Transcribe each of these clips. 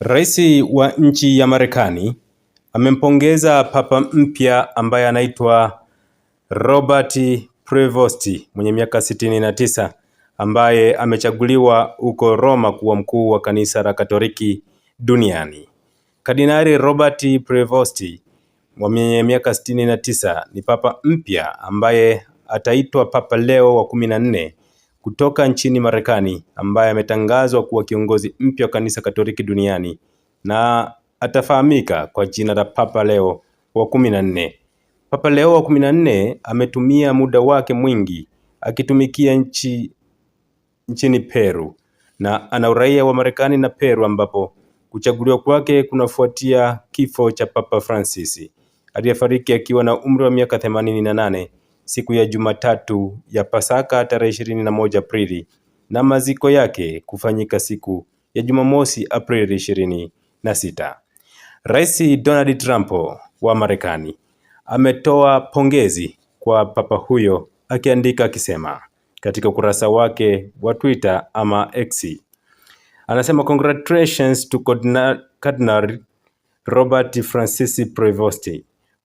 Rais wa nchi ya Marekani amempongeza papa mpya ambaye anaitwa Robert Prevost mwenye miaka sitini na tisa ambaye amechaguliwa huko Roma kuwa mkuu wa kanisa la Katoliki duniani. Kardinali Robert Prevost mwenye miaka sitini na tisa ni papa mpya ambaye ataitwa Papa Leo wa kumi na nne kutoka nchini Marekani ambaye ametangazwa kuwa kiongozi mpya wa kanisa Katoliki duniani na atafahamika kwa jina la Papa Leo wa kumi na nne. Papa Leo wa kumi na nne ametumia muda wake mwingi akitumikia nchi nchini Peru na ana uraia wa Marekani na Peru ambapo kuchaguliwa kwake kunafuatia kifo cha Papa Francis aliyefariki akiwa na umri wa miaka themanini na nane siku ya Jumatatu ya Pasaka tarehe ishirini na moja Aprili na maziko yake kufanyika siku ya Jumamosi Aprili ishirini na sita. Rais Donald Trump wa Marekani ametoa pongezi kwa papa huyo akiandika akisema katika ukurasa wake wa Twitter ama X anasema congratulations to Cardinal Robert Francis Prevost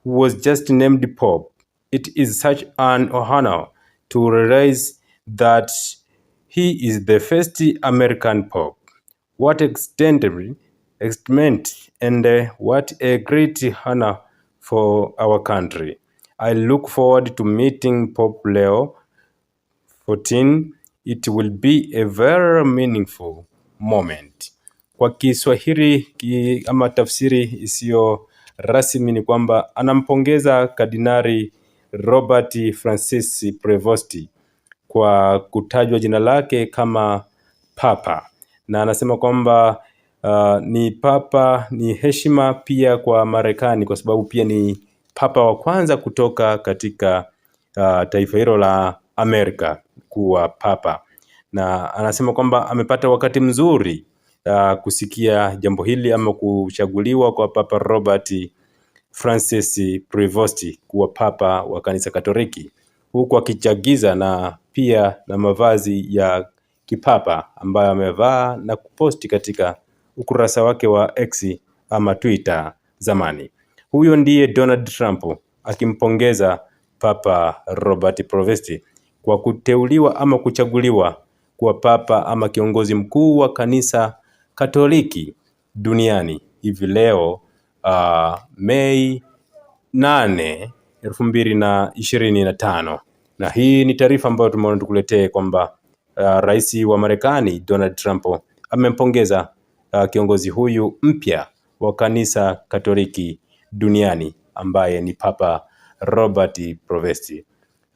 who was just named Pope It is such an honor to realize that he is the first American Pope. What extraordinary extent and uh, what a great honor for our country. I look forward to meeting Pope Leo 14. It will be a very meaningful moment. Kwa Kiswahili ki ama tafsiri isiyo rasmi ni kwamba anampongeza Kardinali Robert Francis Prevost kwa kutajwa jina lake kama papa, na anasema kwamba uh, ni papa ni heshima pia kwa Marekani kwa sababu pia ni papa wa kwanza kutoka katika uh, taifa hilo la Amerika kuwa papa, na anasema kwamba amepata wakati mzuri uh, kusikia jambo hili ama kuchaguliwa kwa Papa Robert Francis Prevost kuwa papa wa kanisa Katoliki, huku akichagiza na pia na mavazi ya kipapa ambayo amevaa na kuposti katika ukurasa wake wa X ama Twitter zamani. Huyo ndiye Donald Trump akimpongeza Papa Robert Prevost kwa kuteuliwa ama kuchaguliwa kuwa papa ama kiongozi mkuu wa kanisa Katoliki duniani hivi leo uh, Mei 8 elfu mbili na ishirini na tano na hii ni taarifa ambayo tumeona tukuletee kwamba uh, rais wa Marekani Donald Trump amempongeza uh, kiongozi huyu mpya wa kanisa Katoliki duniani ambaye ni Papa Robert Provesti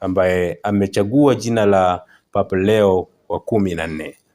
ambaye amechagua jina la Papa Leo wa kumi na nne.